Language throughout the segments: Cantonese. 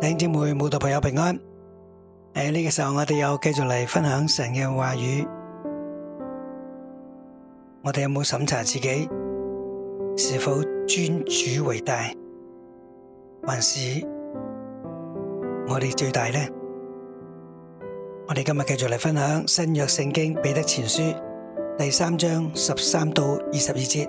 弟兄姊妹、慕道朋友平安。誒、哎，呢、這個時候我哋又繼續嚟分享神嘅話語。我哋有冇審查自己是否尊主為大，還是我哋最大呢？我哋今日繼續嚟分享新約聖經彼得前書第三章十三到二十二節。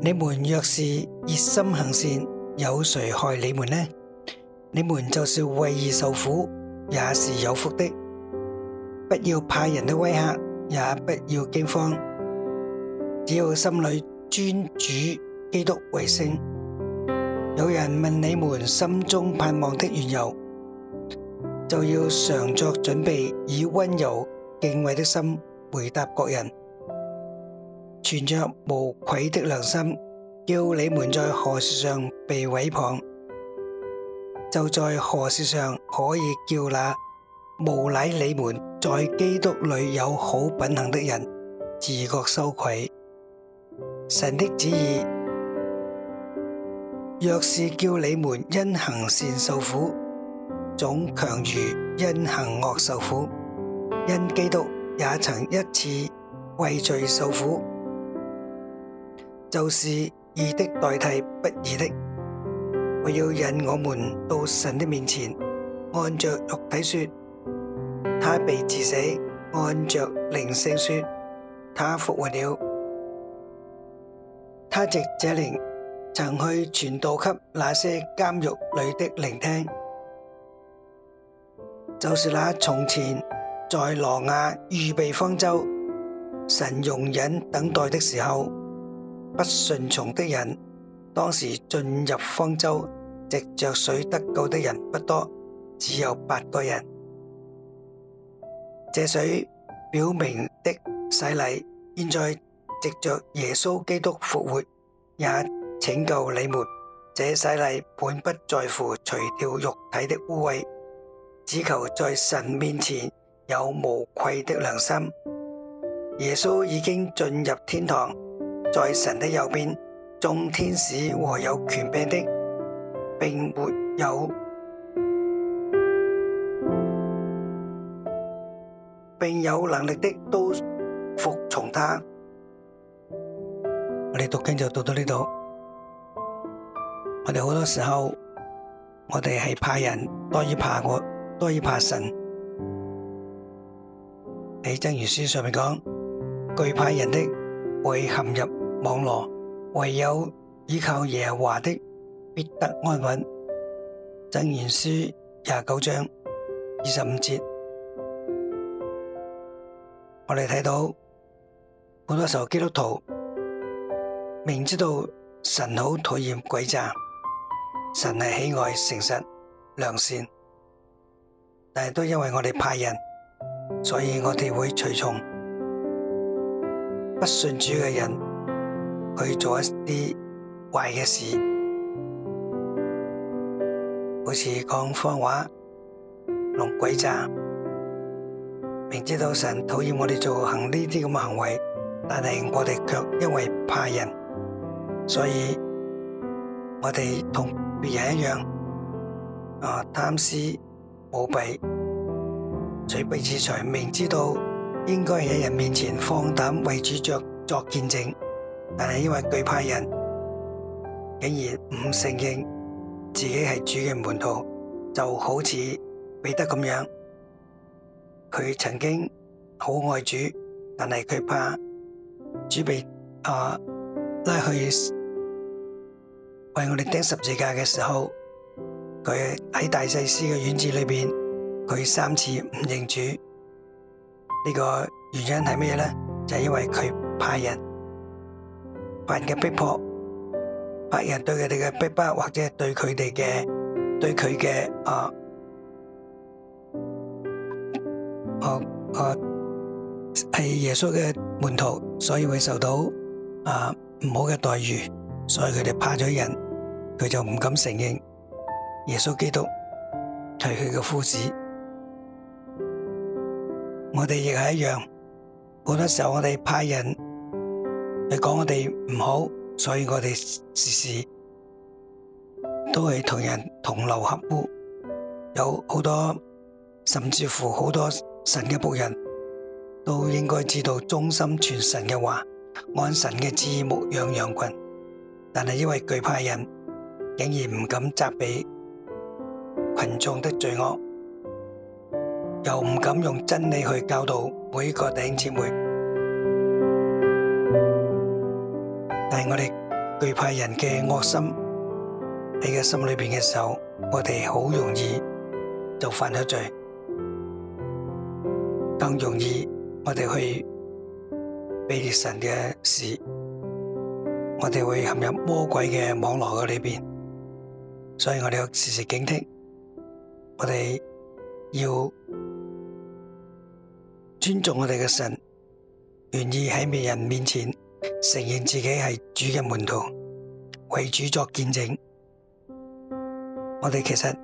你們若是熱心行善，有誰害你們呢？你們就是為義受苦，也是有福的。不要怕人的威嚇，也不要驚慌，只要心裏尊主基督為聖。有人問你們心中盼望的緣由，就要常作準備，以温柔敬畏的心回答各人，存着無愧的良心。叫你們在何事上被毀謗，就在何事上可以叫那誣賴你們在基督裏有好品行的人自覺羞愧。神的旨意若是叫你們因行善受苦，總強如因行惡受苦，因基督也曾一次為罪受苦，就是。義的代替不義的，我要引我們到神的面前。按着肉體說，他被治死；按着靈性說，他復活了。他藉這靈曾去傳道給那些監獄裏的靈聽，就是那從前在挪亞預備方舟、神容忍等待的時候。不順從的人，當時進入方舟，藉着水得救的人不多，只有八個人。借水表明的洗禮，現在藉着耶穌基督復活，也拯救你們。這洗禮本不在乎除掉肉體的污穢，只求在神面前有無愧的良心。耶穌已經進入天堂。在神的右邊，眾天使和有權柄的，並沒有，並有能力的都服從他。我哋讀經就讀到呢度。我哋好多時候，我哋係怕人多於怕我，多於怕，怕神。喺箴言書上面講，懼怕人的會陷入網絡，唯有依靠耶華的必得安穩。箴言書廿九章二十五節，我哋睇到好多時候基督徒明知道神好討厭詭詐，神係喜愛誠實良善，但係都因為我哋怕人，所以我哋會隨從不信主嘅人，去做一啲壞嘅事，好似講謊話、弄詭詐，明知道神討厭我哋做行呢啲咁嘅行為，但係我哋卻因為怕人，所以我哋同別人一樣，啊貪私、舞弊、取鼻子長，明知道應該喺人面前放膽為主着作見證。但係因為佢怕人竟然，唔承認自己係主嘅門徒，就好似彼得咁樣。佢曾經好愛主，但係佢怕主被啊拉去為我哋釘十字架嘅時候，佢喺大祭司嘅院子裏邊，佢三次唔認主。呢、這個原因係咩咧？就係、是、因為佢怕人。人嘅逼迫，白人對佢哋嘅逼迫，或者係對佢哋嘅，對佢嘅啊，我我係耶穌嘅門徒，所以會受到啊唔好嘅待遇，所以佢哋怕咗人，佢就唔敢承認耶穌基督係佢嘅夫子。我哋亦係一樣，好多時候我哋怕人。你講我哋唔好，所以我哋時時都係同人同流合污。有好多甚至乎好多神嘅僕人都應該知道忠心傳神嘅話，按神嘅旨意牧養羊群，但係因為懼怕人，竟然唔敢責備群眾的罪惡，又唔敢用真理去教導每個弟兄姊妹。但係我哋懼怕人嘅惡心，喺個心裏邊嘅時候，我哋好容易就犯咗罪，更容易我哋去背離神嘅事，我哋會陷入魔鬼嘅網絡嘅裏邊，所以我哋要時時警惕，我哋要尊重我哋嘅神，願意喺別人面前。承認自己係主嘅門徒，為主作見證。我哋其實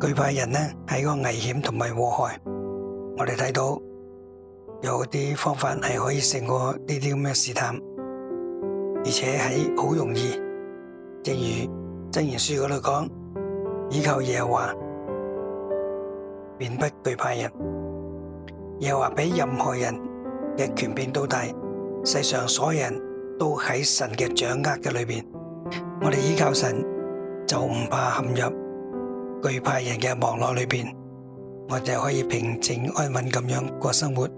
懼怕人咧，喺個危險同埋禍害。我哋睇到有啲方法係可以勝過呢啲咁嘅試探，而且喺好容易。正如箴言書嗰度講：依靠耶華，便不懼怕人；耶華比任何人嘅權柄都大。世上所有人都喺神嘅掌握嘅裏邊，我哋依靠神就唔怕陷入懼怕人嘅網絡裏邊，我哋可以平靜安穩咁樣過生活。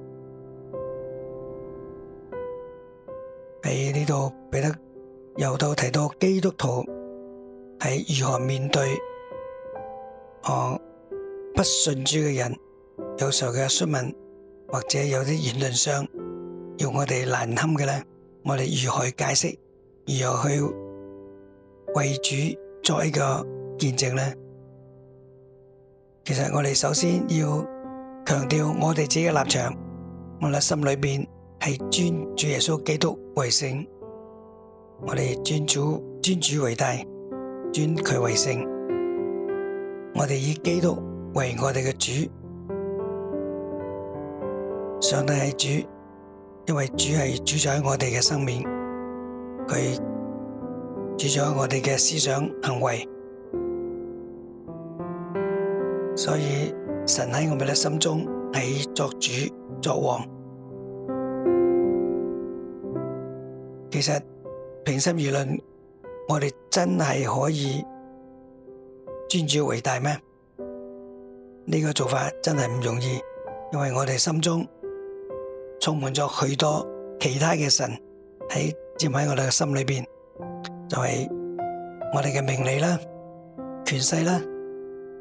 喺呢度彼得又到提到基督徒喺如何面對哦不信主嘅人，有時候嘅詢問或者有啲言論上。用我哋難堪嘅呢，我哋如何去解釋，如何去為主作一個見證呢？其實我哋首先要強調我哋自己嘅立場，我哋心裏面係尊主耶穌基督為聖，我哋尊主尊主為大，尊佢為聖，我哋以基督為我哋嘅主，上帝係主。因為主係主宰我哋嘅生命，佢主宰我哋嘅思想行為，所以神喺我哋嘅心中係作主作王。其實平心而論，我哋真係可以尊主為大咩？呢個做法真係唔容易，因為我哋心中。充滿咗許多其他嘅神喺接喺我哋嘅心裏邊，就係我哋嘅名利啦、權勢啦、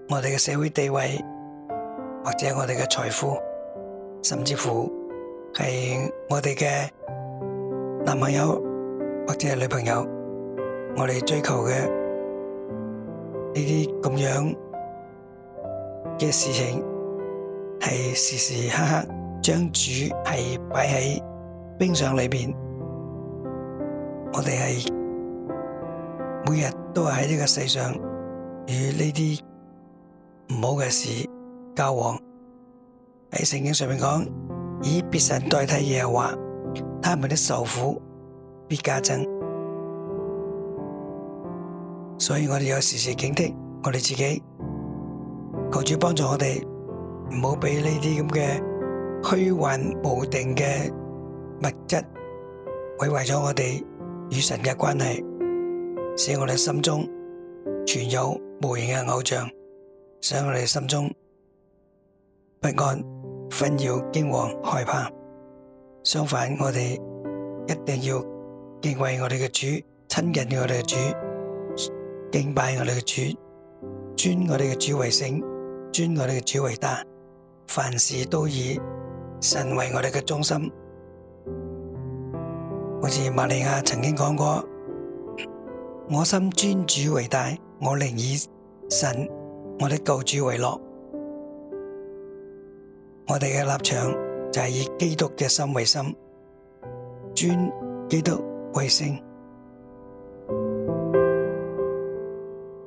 我哋嘅社會地位或者我哋嘅財富，甚至乎係我哋嘅男朋友或者係女朋友，我哋追求嘅呢啲咁樣嘅事情，係時時刻刻。將主係擺喺冰箱裏邊，我哋係每日都係喺呢個世上與呢啲唔好嘅事交往。喺聖經上面講，以別神代替耶和華，他們的受苦必加增。所以我哋要時時警惕我哋自己，求主幫助我哋，唔好俾呢啲咁嘅。虛幻無定嘅物質毀壞咗我哋與神嘅關係，使我哋心中存有無形嘅偶像，使我哋心中不安、紛擾、驚惶、害怕。相反我，我哋一定要敬畏我哋嘅主，親近我哋嘅主，敬拜我哋嘅主，尊我哋嘅主為聖，尊我哋嘅主為大，凡事都以。神為我哋嘅中心，好似瑪利亞曾經講過：我心尊主為大，我靈以神，我的救主為樂。我哋嘅立場就係以基督嘅心為心，尊基督為聖。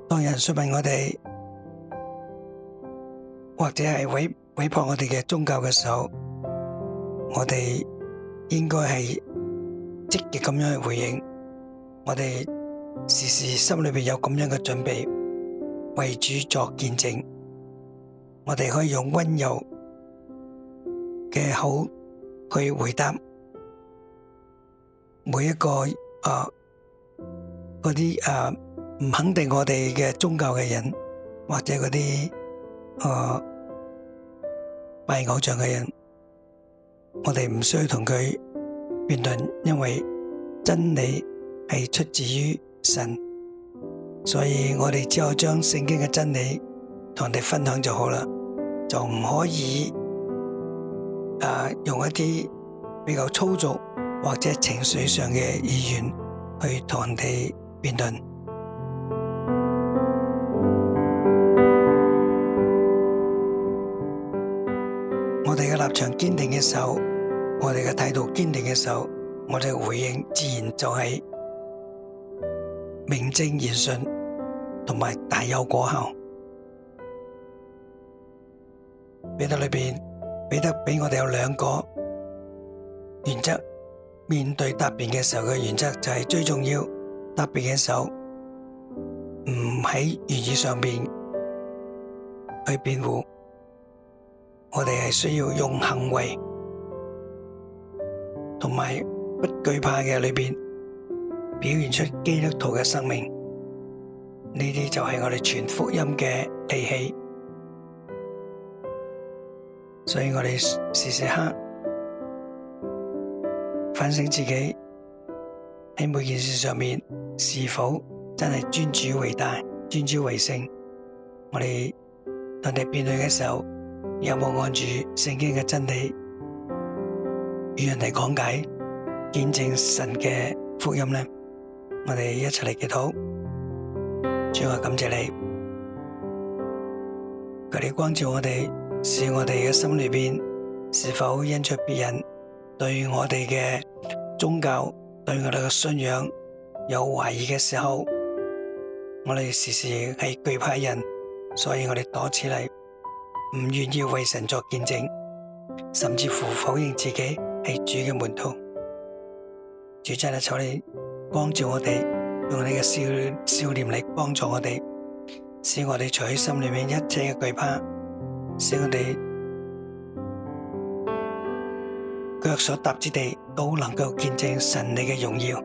當人詢問我哋，或者係毀毀破我哋嘅宗教嘅時候，我哋應該係積極咁樣去回應，我哋時時心裏面有咁樣嘅準備，為主作見證。我哋可以用溫柔嘅口去回答每一個啊，嗰啲誒唔肯定我哋嘅宗教嘅人，或者嗰啲誒拜偶像嘅人。我哋唔需要同佢辯論，因為真理係出自於神，所以我哋只可以將聖經嘅真理同人哋分享就好啦，就唔可以誒、啊、用一啲比較粗俗或者情緒上嘅意願去同人哋辯論。場堅定嘅時候，我哋嘅態度堅定嘅時候，我哋嘅回應自然就係名正言順，同埋大有果效。彼得裏邊，彼得俾我哋有兩個原則，面對答辯嘅時候嘅原則就係最重要，答辯嘅時候唔喺言語上邊去辯護。我哋係需要用行為，同埋不懼怕嘅裏邊，表現出基督徒嘅生命。呢啲就係我哋傳福音嘅利器。所以我哋時時刻刻反省自己喺每件事上面，是否真係尊主為大、尊主為聖。我哋同人哋辯論嘅時候。有冇按住聖經嘅真理與人哋講解見證神嘅福音呢？我哋一齊嚟祈禱，主啊，感謝你佢哋光照我哋，使我哋嘅心裏面是否因着別人對我哋嘅宗教對我哋嘅信仰有懷疑嘅時候，我哋時時係懼怕人，所以我哋躲起嚟。唔願意為神作見證，甚至乎否認自己係主嘅門徒。主真係求你光照我哋，用你嘅笑笑臉嚟幫助我哋，使我哋除喺心裏面一切嘅懼怕，使我哋腳所踏之地都能夠見證神你嘅榮耀。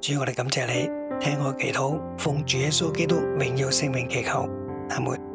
主，我哋感謝你，聽我祈禱，奉主耶穌基督榮耀聖名祈求，阿門。